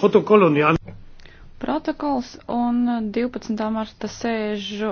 Protokols un 12. marta sēžu